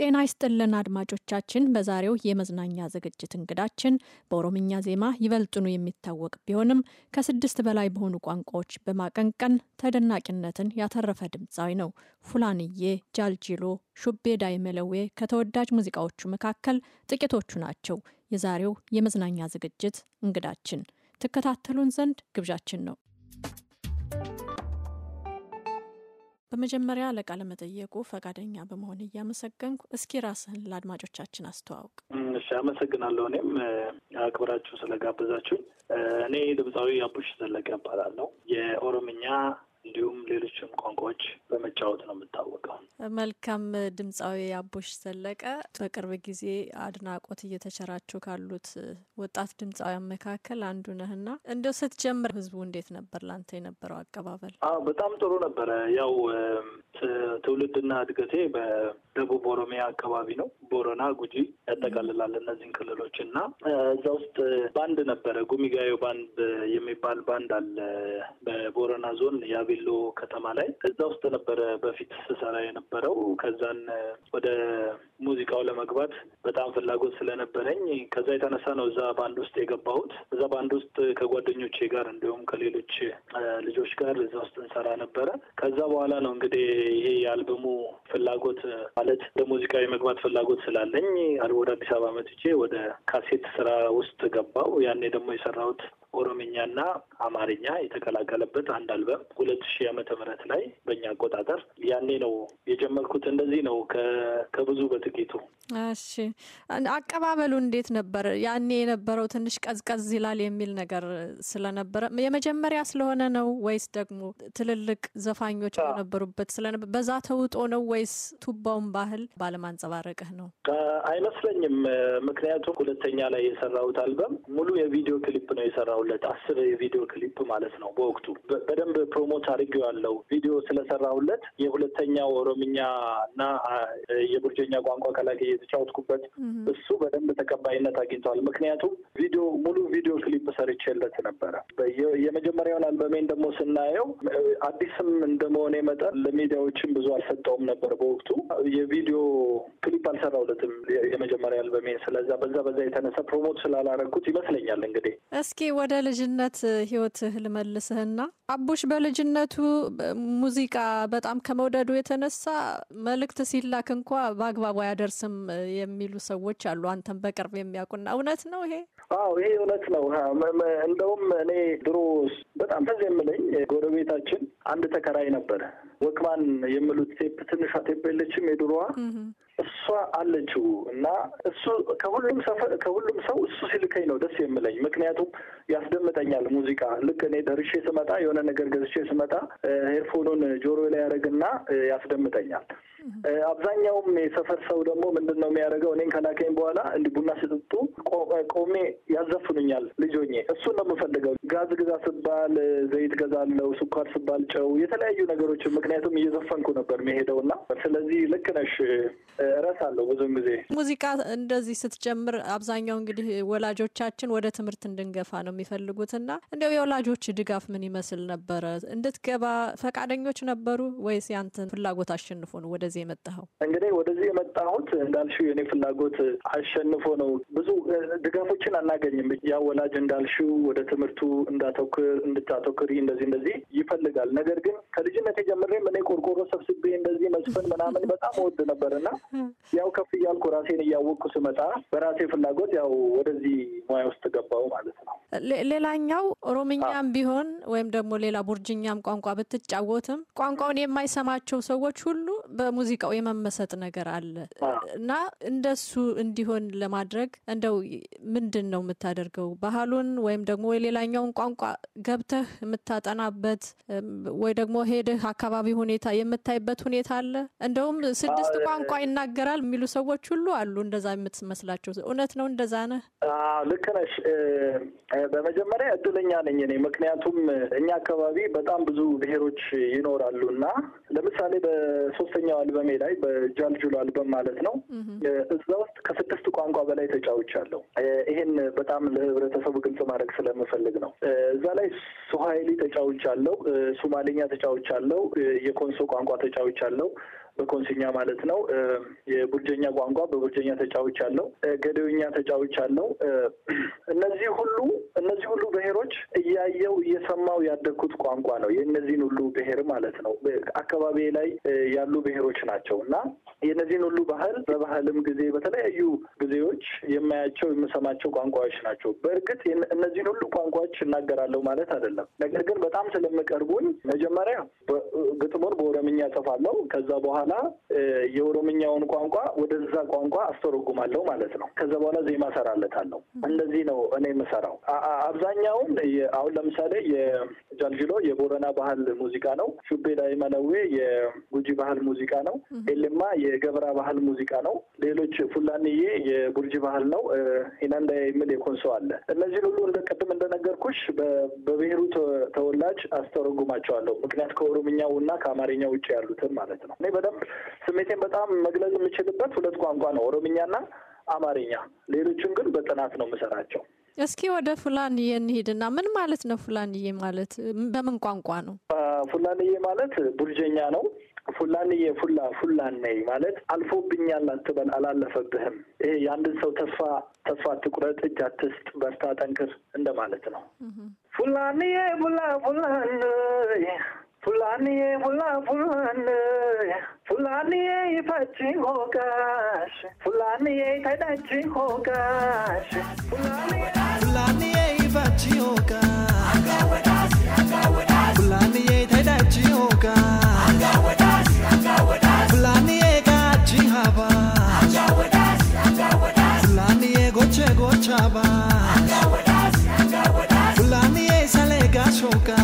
ጤና ይስጥልን አድማጮቻችን። በዛሬው የመዝናኛ ዝግጅት እንግዳችን በኦሮምኛ ዜማ ይበልጥኑ የሚታወቅ ቢሆንም ከስድስት በላይ በሆኑ ቋንቋዎች በማቀንቀን ተደናቂነትን ያተረፈ ድምፃዊ ነው። ፉላንዬ፣ ጃልጂሎ፣ ሹቤ ዳይመለዌ ከተወዳጅ ሙዚቃዎቹ መካከል ጥቂቶቹ ናቸው። የዛሬው የመዝናኛ ዝግጅት እንግዳችን ትከታተሉን ዘንድ ግብዣችን ነው። በመጀመሪያ ለቃለ መጠየቁ ፈቃደኛ በመሆን እያመሰገንኩ እስኪ ራስህን ለአድማጮቻችን አስተዋውቅ። እሺ፣ አመሰግናለሁ። እኔም አክብራችሁ ስለጋበዛችሁኝ። እኔ ድምፃዊ አቡሽ ዘለቀ እባላለሁ። የኦሮምኛ እንዲሁም ሌሎችም ቋንቋዎች በመጫወት ነው የምታወቀው። መልካም ድምፃዊ አቦሽ ዘለቀ በቅርብ ጊዜ አድናቆት እየተቸራችሁ ካሉት ወጣት ድምፃውያን መካከል አንዱ ነህና እንደው ስትጀምር ህዝቡ እንዴት ነበር ላንተ የነበረው አቀባበል? አዎ በጣም ጥሩ ነበረ። ያው ትውልድና እድገቴ በደቡብ ኦሮሚያ አካባቢ ነው። ቦረና፣ ጉጂ ያጠቃልላል እነዚህን ክልሎች እና እዛ ውስጥ ባንድ ነበረ ጉሚጋዮ ባንድ የሚባል ባንድ አለ በቦረና ዞን የአቤሎ ከተማ ላይ እዛ ውስጥ ነበረ በፊት ስሰራ የነበረው። ከዛን ወደ ሙዚቃው ለመግባት በጣም ፍላጎት ስለነበረኝ ከዛ የተነሳ ነው እዛ ባንድ ውስጥ የገባሁት። እዛ ባንድ ውስጥ ከጓደኞቼ ጋር እንዲሁም ከሌሎች ልጆች ጋር እዛ ውስጥ እንሰራ ነበረ። ከዛ በኋላ ነው እንግዲህ ይሄ የአልበሙ ፍላጎት ማለት ወደ ሙዚቃ የመግባት ፍላጎት ስላለኝ ወደ አዲስ አበባ መጥቼ ወደ ካሴት ስራ ውስጥ ገባው። ያኔ ደግሞ የሰራሁት ኦሮምኛና አማርኛ የተቀላቀለበት አንድ አልበም ሁለት ሺህ ዓመተ ምህረት ላይ በእኛ አቆጣጠር ያኔ ነው የጀመርኩት። እንደዚህ ነው ከብዙ በጥቂቱ። እሺ፣ አቀባበሉ እንዴት ነበር? ያኔ የነበረው ትንሽ ቀዝቀዝ ይላል የሚል ነገር ስለነበረ የመጀመሪያ ስለሆነ ነው ወይስ ደግሞ ትልልቅ ዘፋኞች በነበሩበት ስለነበር በዛ ተውጦ ነው ወይስ ቱባውን ባህል ባለማንጸባረቅህ ነው? አይመስለኝም። ምክንያቱም ሁለተኛ ላይ የሰራሁት አልበም ሙሉ የቪዲዮ ክሊፕ ነው የሰራው ስለሰራሁለት አስር የቪዲዮ ክሊፕ ማለት ነው። በወቅቱ በደንብ ፕሮሞት አድርጌዋለሁ። ቪዲዮ ስለሰራሁለት የሁለተኛው ኦሮምኛ እና የቡርጀኛ ቋንቋ ከላይ የተጫወትኩበት እሱ በደንብ ተቀባይነት አግኝተዋል። ምክንያቱም ቪዲዮ ሙሉ ቪዲዮ ክሊፕ ሰርቼለት ነበረ። የመጀመሪያውን አልበሜን ደግሞ ስናየው አዲስም እንደመሆኔ መጠን ለሚዲያዎችም ብዙ አልሰጠውም ነበር በወቅቱ የቪዲዮ ክሊፕ አልሰራሁለትም የመጀመሪያ አልበሜን። ስለዛ በዛ በዛ የተነሳ ፕሮሞት ስላላረግኩት ይመስለኛል እንግዲህ እስኪ ወደ ወደ ልጅነት ህይወትህ ልመልስህና አቡሽ በልጅነቱ ሙዚቃ በጣም ከመውደዱ የተነሳ መልእክት ሲላክ እንኳ በአግባቡ አያደርስም የሚሉ ሰዎች አሉ፣ አንተም በቅርብ የሚያውቁና እውነት ነው ይሄ? አዎ ይሄ እውነት ነው። እንደውም እኔ ድሮ በጣም ተዘምለኝ ጎረቤታችን አንድ ተከራይ ነበር ወክማን የሚሉት ቴፕ ትንሿ ቴፕ የለችም የድሮዋ እሷ አለችው እና እሱ ከሁሉም ሰፈር ከሁሉም ሰው እሱ ሲልከኝ ነው ደስ የምለኝ። ምክንያቱም ያስደምጠኛል ሙዚቃ። ልክ እኔ ደርሼ ስመጣ የሆነ ነገር ገዝቼ ስመጣ ሄድፎኑን ጆሮ ላይ ያደረግና ያስደምጠኛል። አብዛኛውም የሰፈር ሰው ደግሞ ምንድን ነው የሚያደርገው? እኔን ከላከኝ በኋላ እንዲ ቡና ሲጠጡ ቆሜ ያዘፍኑኛል ልጆኜ። እሱን ነው የምፈልገው። ጋዝ ግዛ ስባል ዘይት ገዛለው፣ ስኳር ስባል ናቸው የተለያዩ ነገሮችን ምክንያቱም እየዘፈንኩ ነበር መሄደው እና ስለዚህ ልክ ነሽ እረሳለሁ ብዙን ጊዜ ሙዚቃ እንደዚህ ስትጀምር አብዛኛው እንግዲህ ወላጆቻችን ወደ ትምህርት እንድንገፋ ነው የሚፈልጉት እና እንዲያው የወላጆች ድጋፍ ምን ይመስል ነበረ እንድትገባ ፈቃደኞች ነበሩ ወይስ ያንተን ፍላጎት አሸንፎ ነው ወደዚህ የመጣኸው እንግዲህ ወደዚህ የመጣሁት እንዳልሽው የኔ ፍላጎት አሸንፎ ነው ብዙ ድጋፎችን አናገኝም ያ ወላጅ እንዳልሽው ወደ ትምህርቱ እንዳተኩር እንድታተኩሪ እንደዚህ እንደዚህ ይፈልጋል ነገር ግን ከልጅነት የጀምሬም እኔ ቆርቆሮ ሰብስቤ እንደዚህ መስፈን ምናምን በጣም ወድ ነበር እና ያው ከፍ እያልኩ ራሴን እያወቅኩ ስመጣ በራሴ ፍላጎት ያው ወደዚህ ሙያ ውስጥ ገባው ማለት ነው። ሌላኛው ኦሮምኛም ቢሆን ወይም ደግሞ ሌላ ቡርጅኛም ቋንቋ ብትጫወትም ቋንቋውን የማይሰማቸው ሰዎች ሁሉ በሙዚቃው የመመሰጥ ነገር አለ እና እንደሱ እንዲሆን ለማድረግ እንደው ምንድን ነው የምታደርገው? ባህሉን ወይም ደግሞ ሌላኛውን ቋንቋ ገብተህ የምታጠናበት ወይ ደግሞ ሄደህ አካባቢ ሁኔታ የምታይበት ሁኔታ አለ። እንደውም ስድስት ቋንቋ ይናገራል የሚሉ ሰዎች ሁሉ አሉ። እንደዛ የምትመስላቸው እውነት ነው? እንደዛ ነህ? ልክ ነሽ። በመጀመሪያ እድለኛ ነኝ እኔ ምክንያቱም እኛ አካባቢ በጣም ብዙ ብሔሮች ይኖራሉ እና ለምሳሌ በሶስተኛው አልበሜ ላይ በጃልጁል አልበም ማለት ነው እዛ ውስጥ ከስድስት ቋንቋ በላይ ተጫውቻለሁ። ይሄን በጣም ለህብረተሰቡ ግልጽ ማድረግ ስለምፈልግ ነው። እዛ ላይ ሱሃይሊ ተጫውቻለሁ፣ ሱማሌኛ ተጫውቻለሁ፣ የኮንሶ ቋንቋ ተጫውቻለሁ በኮንሲኛ ማለት ነው። የቡርጀኛ ቋንቋ በቡርጀኛ ተጫዎች አለው፣ ገደብኛ ተጫዎች አለው። እነዚህ ሁሉ እነዚህ ሁሉ ብሔሮች እያየው እየሰማው ያደግኩት ቋንቋ ነው። የእነዚህን ሁሉ ብሔር ማለት ነው አካባቢ ላይ ያሉ ብሔሮች ናቸው እና የእነዚህን ሁሉ ባህል በባህልም ጊዜ በተለያዩ ጊዜዎች የማያቸው የምሰማቸው ቋንቋዎች ናቸው። በእርግጥ እነዚህን ሁሉ ቋንቋዎች እናገራለሁ ማለት አይደለም። ነገር ግን በጣም ስለምቀርቡኝ መጀመሪያ ግጥሙን በኦሮምኛ ጽፋለሁ። ከዛ በኋላ በኋላ የኦሮምኛውን ቋንቋ ወደዛ ቋንቋ አስተረጉማለሁ ማለት ነው። ከዛ በኋላ ዜማ ሰራለታለሁ። እንደዚህ ነው እኔ የምሰራው። አብዛኛውን አሁን ለምሳሌ የጃልጅሎ የቦረና ባህል ሙዚቃ ነው። ሹቤ መነዌ የጉጂ ባህል ሙዚቃ ነው። ኤሌማ የገበራ ባህል ሙዚቃ ነው። ሌሎች ፉላንዬ የቡርጂ ባህል ነው። ሂናንዳ የሚል የኮንሶ አለ። እነዚህ ሁሉ እንደ ቅድም እንደነገርኩሽ በብሔሩ ተወላጅ አስተረጉማቸዋለሁ። ምክንያት ከኦሮምኛው እና ከአማርኛ ውጭ ያሉትን ማለት ነው። እኔ ስሜቴን በጣም መግለጽ የምችልበት ሁለት ቋንቋ ነው፣ ኦሮምኛና አማርኛ። ሌሎቹን ግን በጥናት ነው የምሰራቸው። እስኪ ወደ ፉላንዬ እንሂድና ምን ማለት ነው? ፉላንዬ ማለት በምን ቋንቋ ነው? ፉላንዬ ማለት ቡርጀኛ ነው። ፉላንዬ ፉላ ነይ ማለት አልፎብኛል አትበል፣ አላለፈብህም። ይሄ የአንድን ሰው ተስፋ ተስፋ አትቁረጥ፣ እጅ አትስጥ፣ በርታ፣ ጠንክር እንደማለት ነው። ፉላንዬ ፉላ ፉላኔ Fulaniye bula bulanı, Fulaniye ipaçin hokaş, Fulaniye taydaçin hokaş, Fulaniye Fulaniye ipaçin hokaş, Fulaniye taydaçin hokaş, Fulaniye kaçin hava, Fulaniye goche gochaba, sale ga shokaş,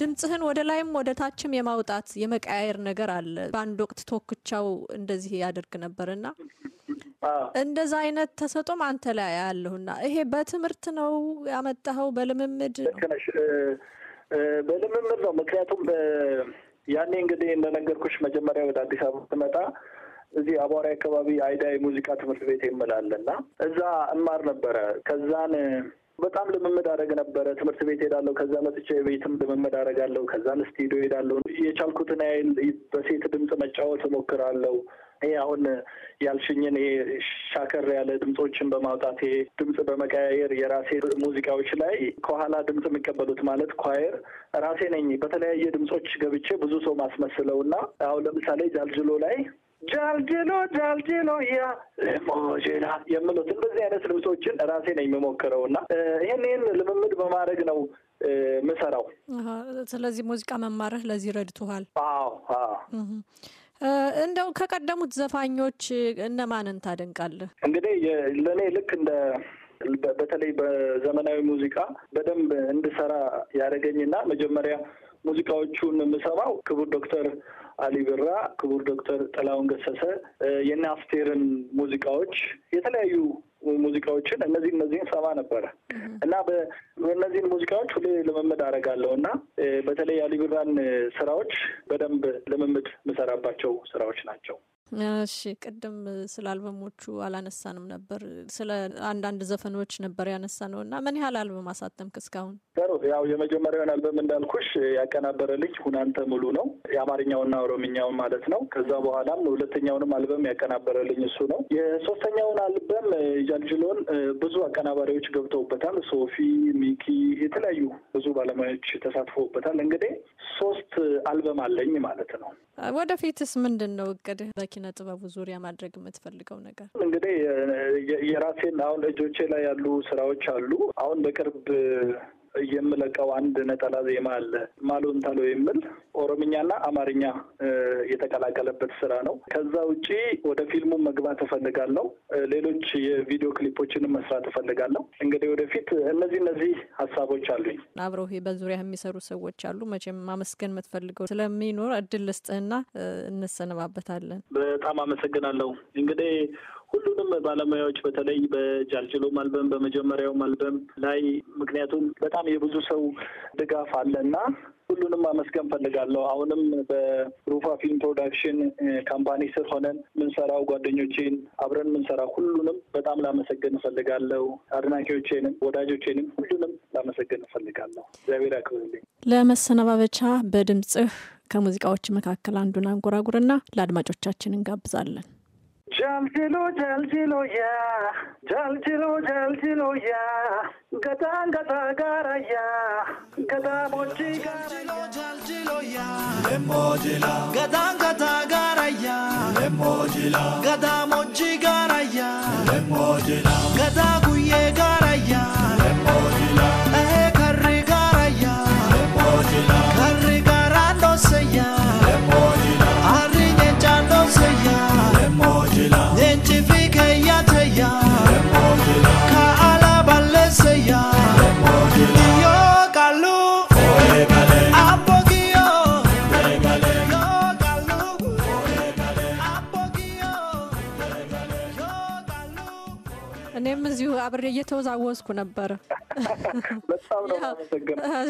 ድምፅህን ወደ ላይም ወደ ታችም የማውጣት የመቀያየር ነገር አለ። በአንድ ወቅት ቶክቻው እንደዚህ ያደርግ ነበርና እንደዛ አይነት ተሰጦም አንተ ላይ ያለሁና ይሄ በትምህርት ነው ያመጣኸው? በልምምድ በልምምድ ነው። ምክንያቱም ያኔ እንግዲህ እንደነገርኩሽ መጀመሪያ ወደ አዲስ አበባ ስመጣ እዚህ አቧራ አካባቢ አይዳ የሙዚቃ ትምህርት ቤት የምላለ እና እዛ እማር ነበረ ከዛን በጣም ልምምድ አደረግ ነበረ። ትምህርት ቤት ሄዳለሁ፣ ከዛ ለትቻ ቤትም ልምምድ አለው ከዛ ለስቱዲዮ ሄዳለሁ። የቻልኩትን ያህል በሴት ድምፅ መጫወት እሞክራለሁ። ይሄ አሁን ያልሽኝን ይሄ ሻከር ያለ ድምፆችን በማውጣት ይሄ ድምፅ በመቀያየር የራሴ ሙዚቃዎች ላይ ከኋላ ድምፅ የሚቀበሉት ማለት ኳየር ራሴ ነኝ። በተለያየ ድምፆች ገብቼ ብዙ ሰው ማስመስለው እና አሁን ለምሳሌ ጃልጅሎ ላይ ጃልጅሎ ጃልጅሎ ያ ለሞጀላ የምሉት እንደዚህ አይነት ልብሶችን ራሴ ነው የሚሞክረው እና ይህን ልምምድ በማድረግ ነው ምሰራው። ስለዚህ ሙዚቃ መማርህ ለዚህ ረድቶሃል? አዎ። እንደው ከቀደሙት ዘፋኞች እነማንን ታደንቃለህ? እንግዲህ ለእኔ ልክ እንደ በተለይ በዘመናዊ ሙዚቃ በደንብ እንድሰራ ያደረገኝና መጀመሪያ ሙዚቃዎቹን የምሰማው ክቡር ዶክተር አሊ ብራ፣ ክቡር ዶክተር ጥላሁን ገሰሰ የናፍቴርን ሙዚቃዎች የተለያዩ ሙዚቃዎችን እነዚህ እነዚህን ሰማ ነበረ እና እነዚህን ሙዚቃዎች ሁሌ ልምምድ አደርጋለሁ እና በተለይ አሊብራን ስራዎች በደንብ ልምምድ የምሰራባቸው ስራዎች ናቸው። እሺ ቅድም ስለ አልበሞቹ አላነሳንም ነበር። ስለ አንዳንድ ዘፈኖች ነበር ነው እና ምን ያህል አልበም አሳተምክ እስካሁን? ጥሩ ያው የመጀመሪያውን አልበም እንዳልኩሽ ያቀናበረልኝ ሁናንተ ሙሉ ነው፣ የአማርኛውና ኦሮምኛውን ማለት ነው። ከዛ በኋላም ሁለተኛውንም አልበም ያቀናበረልኝ እሱ ነው። የሶስተኛውን አልበም ጃልጅሎን ብዙ አቀናባሪዎች ገብተውበታል። ሶፊ፣ ሚኪ፣ የተለያዩ ብዙ ባለሙያዎች ተሳትፎበታል። እንግዲህ ሶስት አልበም አለኝ ማለት ነው። ወደፊትስ ምንድን ነው እቅድ በኪ በኪነ ጥበቡ ዙሪያ ማድረግ የምትፈልገው ነገር? እንግዲህ የራሴን አሁን እጆቼ ላይ ያሉ ስራዎች አሉ። አሁን በቅርብ የምለቀው አንድ ነጠላ ዜማ አለ ማሎንታሎ የሚል ኦሮምኛና አማርኛ የተቀላቀለበት ስራ ነው። ከዛ ውጪ ወደ ፊልሙ መግባት እፈልጋለሁ። ሌሎች የቪዲዮ ክሊፖችንም መስራት እፈልጋለሁ። እንግዲህ ወደፊት እነዚህ እነዚህ ሀሳቦች አሉኝ። አብረው በዙሪያ የሚሰሩ ሰዎች አሉ። መቼም ማመስገን የምትፈልገው ስለሚኖር እድል ልስጥህና እንሰነባበታለን። በጣም አመሰግናለሁ እንግዲህ ሁሉንም ባለሙያዎች በተለይ በጃልጅሎ አልበም በመጀመሪያው አልበም ላይ ምክንያቱም በጣም የብዙ ሰው ድጋፍ አለና ሁሉንም አመስገን ፈልጋለሁ። አሁንም በሩፋ ፊልም ፕሮዳክሽን ካምፓኒ ስር ሆነን ምንሰራው ጓደኞቼን አብረን ምንሰራ ሁሉንም በጣም ላመሰግን እፈልጋለሁ። አድናቂዎቼንም ወዳጆቼንም ሁሉንም ላመሰግን እፈልጋለሁ። እግዚአብሔር ያክብርልኝ። ለመሰነባበቻ በድምጽህ ከሙዚቃዎች መካከል አንዱን አንጎራጉርና ለአድማጮቻችን እንጋብዛለን። झलझिलो झलझिलो या झलझिलो झलझिलो या गदा गदा गारया गदा मोची झलझिलो झलझिलो या लेमोजिला गदा गदा गारया लेमोजिला गदा मोची गारया लेमोजिला गदा गुये गारया लेमोजिला ए घर गारया लेमोजिला घर गारा तो सया አብሬ እየተወዛወዝኩ ነበረ።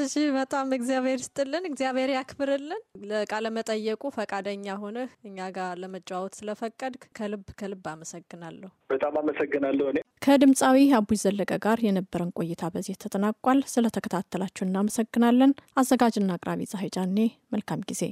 እሺ፣ በጣም እግዚአብሔር ስጥልን፣ እግዚአብሔር ያክብርልን። ለቃለ መጠየቁ ፈቃደኛ ሆነህ እኛ ጋር ለመጫወት ስለፈቀድክ ከልብ ከልብ አመሰግናለሁ። በጣም አመሰግናለሁ። እኔ ከድምፃዊ አቡይ ዘለቀ ጋር የነበረን ቆይታ በዚህ ተጠናቋል። ስለተከታተላችሁ እናመሰግናለን። አዘጋጅና አቅራቢ ፀሐይ ጃኔ፣ መልካም ጊዜ